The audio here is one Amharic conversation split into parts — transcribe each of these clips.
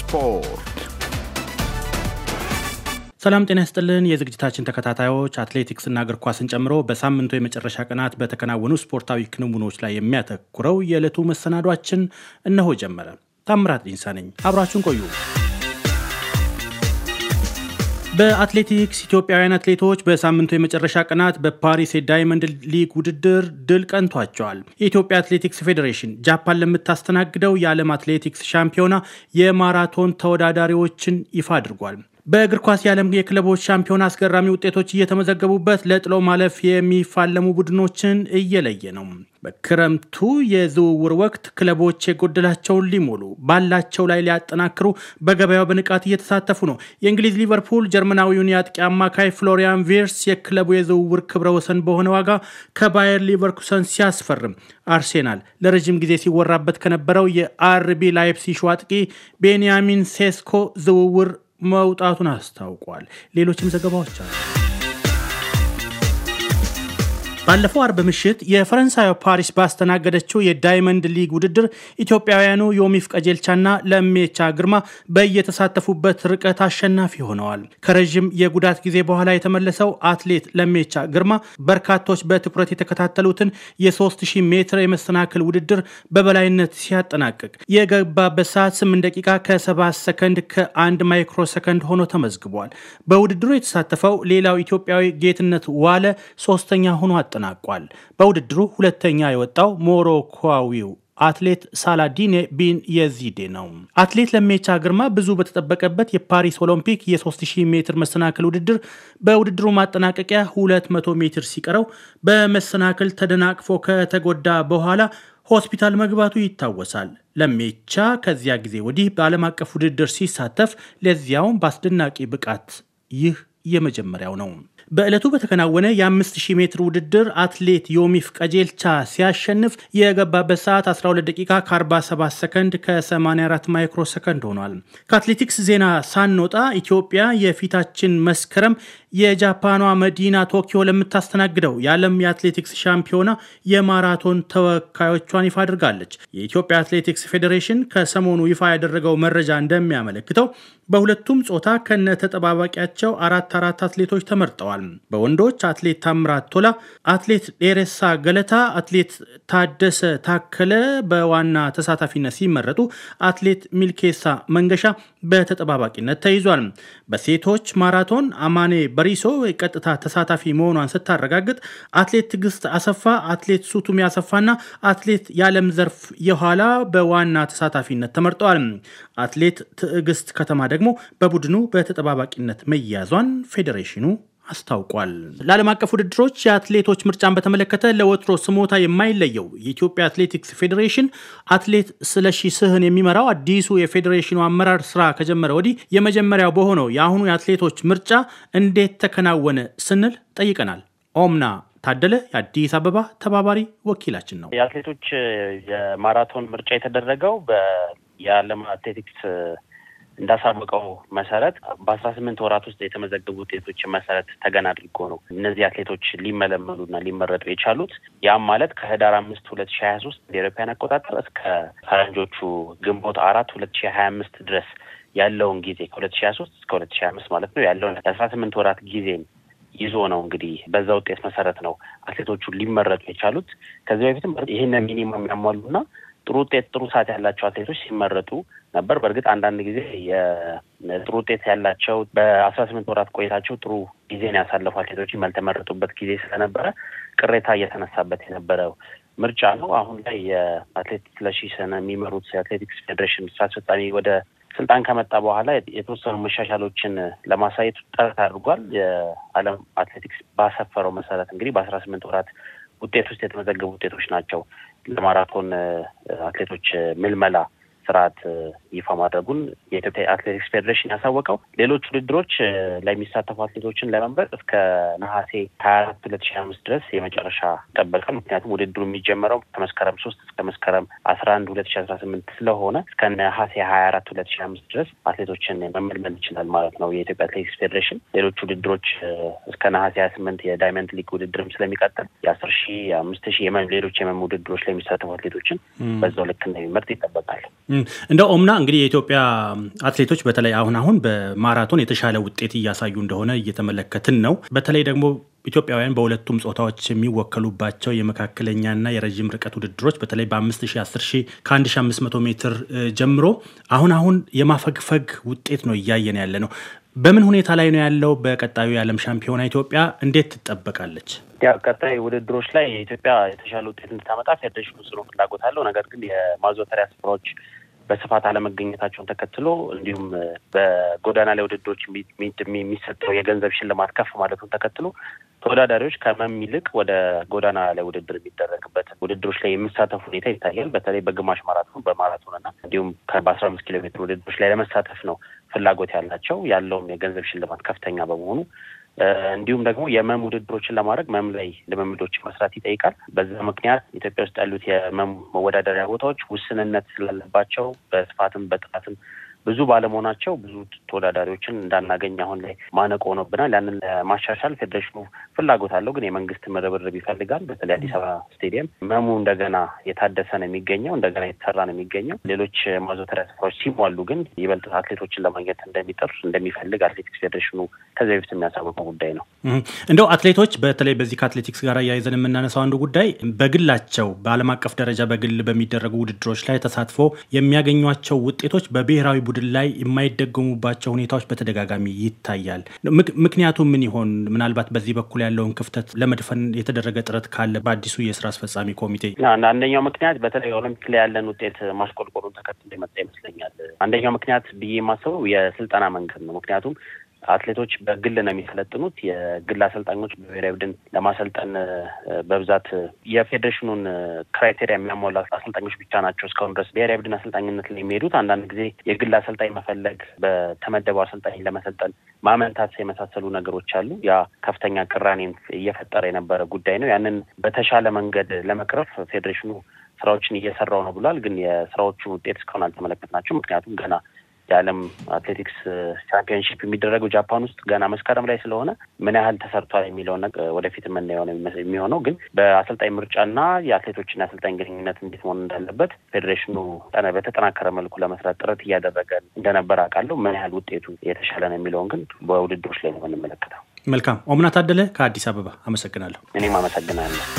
ስፖርት። ሰላም ጤና ይስጥልን የዝግጅታችን ተከታታዮች፣ አትሌቲክስና እግር ኳስን ጨምሮ በሳምንቱ የመጨረሻ ቀናት በተከናወኑ ስፖርታዊ ክንውኖች ላይ የሚያተኩረው የዕለቱ መሰናዷችን እነሆ ጀመረ። ታምራት ዲንሳ ነኝ። አብራችሁን ቆዩ። በአትሌቲክስ ኢትዮጵያውያን አትሌቶች በሳምንቱ የመጨረሻ ቀናት በፓሪስ የዳይመንድ ሊግ ውድድር ድል ቀንቷቸዋል። የኢትዮጵያ አትሌቲክስ ፌዴሬሽን ጃፓን ለምታስተናግደው የዓለም አትሌቲክስ ሻምፒዮና የማራቶን ተወዳዳሪዎችን ይፋ አድርጓል። በእግር ኳስ የዓለም የክለቦች ሻምፒዮን አስገራሚ ውጤቶች እየተመዘገቡበት ለጥሎ ማለፍ የሚፋለሙ ቡድኖችን እየለየ ነው። በክረምቱ የዝውውር ወቅት ክለቦች የጎደላቸውን ሊሞሉ ባላቸው ላይ ሊያጠናክሩ በገበያው በንቃት እየተሳተፉ ነው። የእንግሊዝ ሊቨርፑል ጀርመናዊውን የአጥቂ አማካይ ፍሎሪያን ቬርስ የክለቡ የዝውውር ክብረ ወሰን በሆነ ዋጋ ከባየር ሊቨርኩሰን ሲያስፈርም፣ አርሴናል ለረዥም ጊዜ ሲወራበት ከነበረው የአርቢ ላይፕሲሽ አጥቂ ቤንያሚን ሴስኮ ዝውውር መውጣቱን አስታውቋል። ሌሎችም ዘገባዎች አሉ። ባለፈው አርብ ምሽት የፈረንሳዩ ፓሪስ ባስተናገደችው የዳይመንድ ሊግ ውድድር ኢትዮጵያውያኑ ዮሚፍ ቀጀልቻና ለሜቻ ግርማ በየተሳተፉበት ርቀት አሸናፊ ሆነዋል። ከረዥም የጉዳት ጊዜ በኋላ የተመለሰው አትሌት ለሜቻ ግርማ በርካቶች በትኩረት የተከታተሉትን የ3000 ሜትር የመሰናክል ውድድር በበላይነት ሲያጠናቅቅ የገባበት ሰዓት 8 ደቂቃ ከ7 ሰከንድ ከ1 ማይክሮ ሰከንድ ሆኖ ተመዝግቧል። በውድድሩ የተሳተፈው ሌላው ኢትዮጵያዊ ጌትነት ዋለ ሶስተኛ ሆኖ አጠ አጠናቋል። በውድድሩ ሁለተኛ የወጣው ሞሮኳዊው አትሌት ሳላዲኔ ቢን የዚዴ ነው። አትሌት ለሜቻ ግርማ ብዙ በተጠበቀበት የፓሪስ ኦሎምፒክ የ3000 ሜትር መሰናክል ውድድር በውድድሩ ማጠናቀቂያ 200 ሜትር ሲቀረው በመሰናክል ተደናቅፎ ከተጎዳ በኋላ ሆስፒታል መግባቱ ይታወሳል። ለሜቻ ከዚያ ጊዜ ወዲህ በዓለም አቀፍ ውድድር ሲሳተፍ ለዚያውም በአስደናቂ ብቃት ይህ የመጀመሪያው ነው። በዕለቱ በተከናወነ የ5000 ሜትር ውድድር አትሌት ዮሚፍ ቀጀልቻ ሲያሸንፍ የገባበት ሰዓት 12 ደቂቃ ከ47 ሰከንድ ከ84 ማይክሮ ሰከንድ ሆኗል። ከአትሌቲክስ ዜና ሳንወጣ ኢትዮጵያ የፊታችን መስከረም የጃፓኗ መዲና ቶኪዮ ለምታስተናግደው የዓለም የአትሌቲክስ ሻምፒዮና የማራቶን ተወካዮቿን ይፋ አድርጋለች። የኢትዮጵያ አትሌቲክስ ፌዴሬሽን ከሰሞኑ ይፋ ያደረገው መረጃ እንደሚያመለክተው በሁለቱም ጾታ ከነ ተጠባባቂያቸው አራት አራት አትሌቶች ተመርጠዋል። በወንዶች አትሌት ታምራት ቶላ፣ አትሌት ዴሬሳ ገለታ፣ አትሌት ታደሰ ታከለ በዋና ተሳታፊነት ሲመረጡ፣ አትሌት ሚልኬሳ መንገሻ በተጠባባቂነት ተይዟል። በሴቶች ማራቶን አማኔ በሪሶ ቀጥታ ተሳታፊ መሆኗን ስታረጋግጥ አትሌት ትግስት አሰፋ፣ አትሌት ሱቱም ያሰፋና አትሌት የዓለም ዘርፍ የኋላ በዋና ተሳታፊነት ተመርጠዋል። አትሌት ትዕግስት ከተማ ደግሞ በቡድኑ በተጠባባቂነት መያዟን ፌዴሬሽኑ አስታውቋል። ለዓለም አቀፍ ውድድሮች የአትሌቶች ምርጫን በተመለከተ ለወትሮ ስሞታ የማይለየው የኢትዮጵያ አትሌቲክስ ፌዴሬሽን አትሌት ስለሺ ስህን የሚመራው አዲሱ የፌዴሬሽኑ አመራር ስራ ከጀመረ ወዲህ የመጀመሪያው በሆነው የአሁኑ የአትሌቶች ምርጫ እንዴት ተከናወነ ስንል ጠይቀናል። ኦምና ታደለ የአዲስ አበባ ተባባሪ ወኪላችን ነው። የአትሌቶች የማራቶን ምርጫ የተደረገው በየዓለም አትሌቲክስ እንዳሳወቀው መሰረት በአስራ ስምንት ወራት ውስጥ የተመዘገቡ ውጤቶችን መሰረት ተገን አድርጎ ነው እነዚህ አትሌቶች ሊመለመሉና ሊመረጡ የቻሉት። ያም ማለት ከህዳር አምስት ሁለት ሺ ሀያ ሶስት የአውሮፓውያን አቆጣጠር እስከ ፈረንጆቹ ግንቦት አራት ሁለት ሺ ሀያ አምስት ድረስ ያለውን ጊዜ ከሁለት ሺ ሀያ ሶስት እስከ ሁለት ሺ ሀያ አምስት ማለት ነው ያለውን የአስራ ስምንት ወራት ጊዜን ይዞ ነው እንግዲህ በዛ ውጤት መሰረት ነው አትሌቶቹ ሊመረጡ የቻሉት። ከዚህ በፊትም ይህን ሚኒማም ያሟሉና ጥሩ ውጤት ጥሩ ሰዓት ያላቸው አትሌቶች ሲመረጡ ነበር። በእርግጥ አንዳንድ ጊዜ የጥሩ ውጤት ያላቸው በአስራ ስምንት ወራት ቆይታቸው ጥሩ ጊዜን ያሳለፉ አትሌቶችም ያልተመረጡበት ጊዜ ስለነበረ ቅሬታ እየተነሳበት የነበረው ምርጫ ነው። አሁን ላይ የአትሌት ስለሺ ሰነ የሚመሩት የአትሌቲክስ ፌዴሬሽን ስራ አስፈጻሚ ወደ ስልጣን ከመጣ በኋላ የተወሰኑ መሻሻሎችን ለማሳየት ጥረት አድርጓል። የዓለም አትሌቲክስ ባሰፈረው መሰረት እንግዲህ በአስራ ስምንት ወራት ውጤት ውስጥ የተመዘገቡ ውጤቶች ናቸው። ለማራቶን አትሌቶች ምልመላ ስርዓት ይፋ ማድረጉን የኢትዮጵያ አትሌቲክስ ፌዴሬሽን ያሳወቀው ሌሎች ውድድሮች ለሚሳተፉ አትሌቶችን ለመምረጥ እስከ ነሐሴ ሀያ አራት ሁለት ሺ አምስት ድረስ የመጨረሻ ይጠበቃል። ምክንያቱም ውድድሩ የሚጀመረው ከመስከረም ሶስት እስከ መስከረም አስራ አንድ ሁለት ሺ አስራ ስምንት ስለሆነ እስከ ነሐሴ ሀያ አራት ሁለት ሺ አምስት ድረስ አትሌቶችን መመልመል ይችላል ማለት ነው የኢትዮጵያ አትሌቲክስ ፌዴሬሽን። ሌሎች ውድድሮች እስከ ነሐሴ ሀያ ስምንት የዳይመንድ ሊግ ውድድርም ስለሚቀጥል የአስር ሺ አምስት ሺ ሌሎች የመም ውድድሮች ለሚሳተፉ አትሌቶችን በዛው ልክ እንደሚመርጥ ይጠበቃል። እንደ ኦምና እንግዲህ የኢትዮጵያ አትሌቶች በተለይ አሁን አሁን በማራቶን የተሻለ ውጤት እያሳዩ እንደሆነ እየተመለከትን ነው። በተለይ ደግሞ ኢትዮጵያውያን በሁለቱም ጾታዎች የሚወከሉባቸው የመካከለኛና የረዥም ርቀት ውድድሮች በተለይ በ5000፣ ከ1500 ሜትር ጀምሮ አሁን አሁን የማፈግፈግ ውጤት ነው እያየን ያለ ነው። በምን ሁኔታ ላይ ነው ያለው? በቀጣዩ የዓለም ሻምፒዮና ኢትዮጵያ እንዴት ትጠበቃለች? ያው ቀጣይ ውድድሮች ላይ የኢትዮጵያ የተሻለ ውጤት እንድታመጣ ፌዴሬሽኑ ጽኑ ፍላጎት አለው። ነገር ግን የማዘውተሪያ ስፍራዎች በስፋት አለመገኘታቸውን ተከትሎ እንዲሁም በጎዳና ላይ ውድድሮች የሚሰጠው የገንዘብ ሽልማት ከፍ ማለቱን ተከትሎ ተወዳዳሪዎች ከመም ይልቅ ወደ ጎዳና ላይ ውድድር የሚደረግበት ውድድሮች ላይ የሚሳተፍ ሁኔታ ይታያል። በተለይ በግማሽ ማራቶን፣ በማራቶን እና እንዲሁም በአስራ አምስት ኪሎ ሜትር ውድድሮች ላይ ለመሳተፍ ነው ፍላጎት ያላቸው። ያለውም የገንዘብ ሽልማት ከፍተኛ በመሆኑ እንዲሁም ደግሞ የመም ውድድሮችን ለማድረግ መም ላይ ልምምዶች መስራት ይጠይቃል። በዛ ምክንያት ኢትዮጵያ ውስጥ ያሉት የመም መወዳደሪያ ቦታዎች ውስንነት ስላለባቸው በስፋትም በጥራትም ብዙ ባለመሆናቸው ብዙ ተወዳዳሪዎችን እንዳናገኝ አሁን ላይ ማነቆ ሆኖብናል። ያንን ለማሻሻል ፌዴሬሽኑ ፍላጎት አለው፣ ግን የመንግስት ርብርብ ይፈልጋል። በተለይ አዲስ አበባ ስቴዲየም መሙ እንደገና የታደሰ ነው የሚገኘው፣ እንደገና የተሰራ ነው የሚገኘው። ሌሎች ማዘውተሪያ ስፍራዎች ሲሟሉ ግን ይበልጥ አትሌቶችን ለማግኘት እንደሚጥር እንደሚፈልግ አትሌቲክስ ፌዴሬሽኑ ከዚ በፊት የሚያሳውቀው ጉዳይ ነው። እንደው አትሌቶች በተለይ በዚህ ከአትሌቲክስ ጋር እያይዘን የምናነሳው አንዱ ጉዳይ በግላቸው በዓለም አቀፍ ደረጃ በግል በሚደረጉ ውድድሮች ላይ ተሳትፎ የሚያገኟቸው ውጤቶች በብሔራዊ ቡድን ቡድን ላይ የማይደገሙባቸው ሁኔታዎች በተደጋጋሚ ይታያል። ምክንያቱ ምን ይሆን? ምናልባት በዚህ በኩል ያለውን ክፍተት ለመድፈን የተደረገ ጥረት ካለ በአዲሱ የስራ አስፈጻሚ ኮሚቴ አንደኛው ምክንያት በተለይ ኦሎምፒክ ላይ ያለን ውጤት ማሽቆልቆሉን ተከትሎ የመጣ ይመስለኛል። አንደኛው ምክንያት ብዬ የማስበው የስልጠና መንገድ ነው። ምክንያቱም አትሌቶች በግል ነው የሚሰለጥኑት። የግል አሰልጣኞች በብሔራዊ ቡድን ለማሰልጠን በብዛት የፌዴሬሽኑን ክራይቴሪያ የሚያሟላ አሰልጣኞች ብቻ ናቸው እስካሁን ድረስ ብሔራዊ ቡድን አሰልጣኝነት ላይ የሚሄዱት። አንዳንድ ጊዜ የግል አሰልጣኝ መፈለግ፣ በተመደበው አሰልጣኝ ለመሰልጠን ማመንታት የመሳሰሉ ነገሮች አሉ። ያ ከፍተኛ ቅራኔን እየፈጠረ የነበረ ጉዳይ ነው። ያንን በተሻለ መንገድ ለመቅረፍ ፌዴሬሽኑ ስራዎችን እየሰራው ነው ብሏል። ግን የስራዎቹ ውጤት እስካሁን አልተመለከትናቸው። ምክንያቱም ገና የዓለም አትሌቲክስ ቻምፒዮንሺፕ የሚደረገው ጃፓን ውስጥ ገና መስከረም ላይ ስለሆነ ምን ያህል ተሰርቷል የሚለውን ወደፊት የምናየው የሚሆነው ግን በአሰልጣኝ ምርጫና የአትሌቶችን የአሰልጣኝ ግንኙነት እንዴት መሆን እንዳለበት ፌዴሬሽኑ በተጠናከረ መልኩ ለመስራት ጥረት እያደረገ እንደነበር አውቃለሁ። ምን ያህል ውጤቱ የተሻለ ነው የሚለውን ግን በውድድሮች ላይ ነው የምንመለከተው። መልካም ኦምና ታደለ ከአዲስ አበባ አመሰግናለሁ። እኔም አመሰግናለሁ።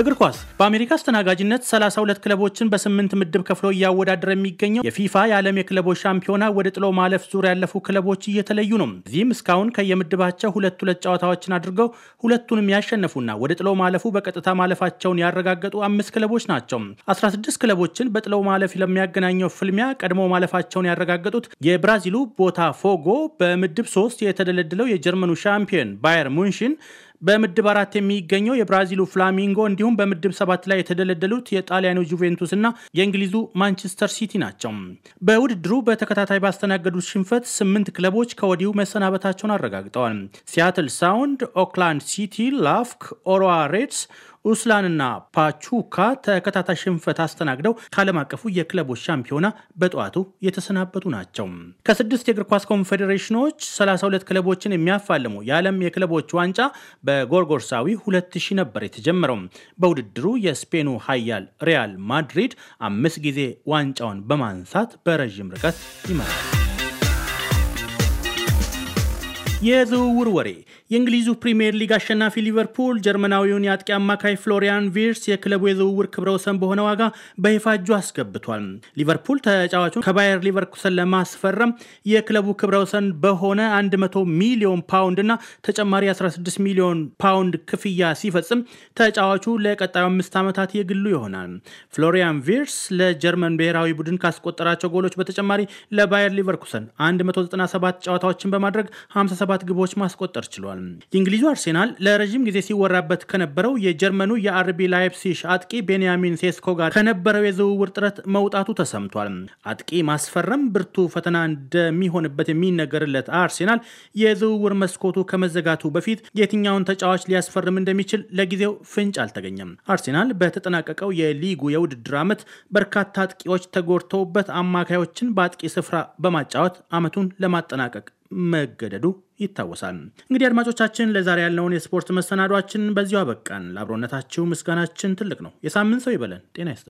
እግር ኳስ በአሜሪካ አስተናጋጅነት 32 ክለቦችን በስምንት ምድብ ከፍሎ እያወዳደረ የሚገኘው የፊፋ የዓለም የክለቦች ሻምፒዮና ወደ ጥሎ ማለፍ ዙር ያለፉ ክለቦች እየተለዩ ነው። እዚህም እስካሁን ከየምድባቸው ሁለት ሁለት ጨዋታዎችን አድርገው ሁለቱንም ያሸነፉና ወደ ጥሎ ማለፉ በቀጥታ ማለፋቸውን ያረጋገጡ አምስት ክለቦች ናቸው። 16 ክለቦችን በጥሎ ማለፍ ለሚያገናኘው ፍልሚያ ቀድሞ ማለፋቸውን ያረጋገጡት የብራዚሉ ቦታ ፎጎ በምድብ ሶስት የተደለደለው የጀርመኑ ሻምፒዮን ባየር ሙንሽን በምድብ አራት የሚገኘው የብራዚሉ ፍላሚንጎ እንዲሁም በምድብ ሰባት ላይ የተደለደሉት የጣሊያኑ ጁቬንቱስ እና የእንግሊዙ ማንቸስተር ሲቲ ናቸው። በውድድሩ በተከታታይ ባስተናገዱት ሽንፈት ስምንት ክለቦች ከወዲሁ መሰናበታቸውን አረጋግጠዋል። ሲያትል ሳውንድ፣ ኦክላንድ ሲቲ፣ ላፍክ፣ ኦሮዋ ሬድስ ኡስላንና ፓቹካ ተከታታይ ሽንፈት አስተናግደው ከዓለም አቀፉ የክለቦች ሻምፒዮና በጠዋቱ የተሰናበቱ ናቸው። ከስድስት የእግር ኳስ ኮንፌዴሬሽኖች 32 ክለቦችን የሚያፋልሙ የዓለም የክለቦች ዋንጫ በጎርጎርሳዊ 2000 ነበር የተጀመረው። በውድድሩ የስፔኑ ኃያል ሪያል ማድሪድ አምስት ጊዜ ዋንጫውን በማንሳት በረዥም ርቀት ይመራል። የዝውውር ወሬ የእንግሊዙ ፕሪምየር ሊግ አሸናፊ ሊቨርፑል ጀርመናዊውን የአጥቂ አማካይ ፍሎሪያን ቪርስ የክለቡ የዝውውር ክብረ ወሰን በሆነ ዋጋ በይፋ እጁ አስገብቷል። ሊቨርፑል ተጫዋቹን ከባየር ሊቨርኩሰን ለማስፈረም የክለቡ ክብረ ወሰን በሆነ 100 ሚሊዮን ፓውንድ እና ተጨማሪ 16 ሚሊዮን ፓውንድ ክፍያ ሲፈጽም ተጫዋቹ ለቀጣዩ አምስት ዓመታት የግሉ ይሆናል። ፍሎሪያን ቪርስ ለጀርመን ብሔራዊ ቡድን ካስቆጠራቸው ጎሎች በተጨማሪ ለባየር ሊቨርኩሰን 197 ጨዋታዎችን በማድረግ 57 ሰባት ግቦች ማስቆጠር ችሏል። የእንግሊዙ አርሴናል ለረዥም ጊዜ ሲወራበት ከነበረው የጀርመኑ የአርቢ ላይፕሲሽ አጥቂ ቤንያሚን ሴስኮ ጋር ከነበረው የዝውውር ጥረት መውጣቱ ተሰምቷል። አጥቂ ማስፈረም ብርቱ ፈተና እንደሚሆንበት የሚነገርለት አርሴናል የዝውውር መስኮቱ ከመዘጋቱ በፊት የትኛውን ተጫዋች ሊያስፈርም እንደሚችል ለጊዜው ፍንጭ አልተገኘም። አርሴናል በተጠናቀቀው የሊጉ የውድድር ዓመት በርካታ አጥቂዎች ተጎድተውበት አማካዮችን በአጥቂ ስፍራ በማጫወት ዓመቱን ለማጠናቀቅ መገደዱ ይታወሳል። እንግዲህ አድማጮቻችን ለዛሬ ያለውን የስፖርት መሰናዷችን በዚሁ አበቃን። ለአብሮነታችሁ ምስጋናችን ትልቅ ነው። የሳምንት ሰው ይበለን። ጤና ይስጥ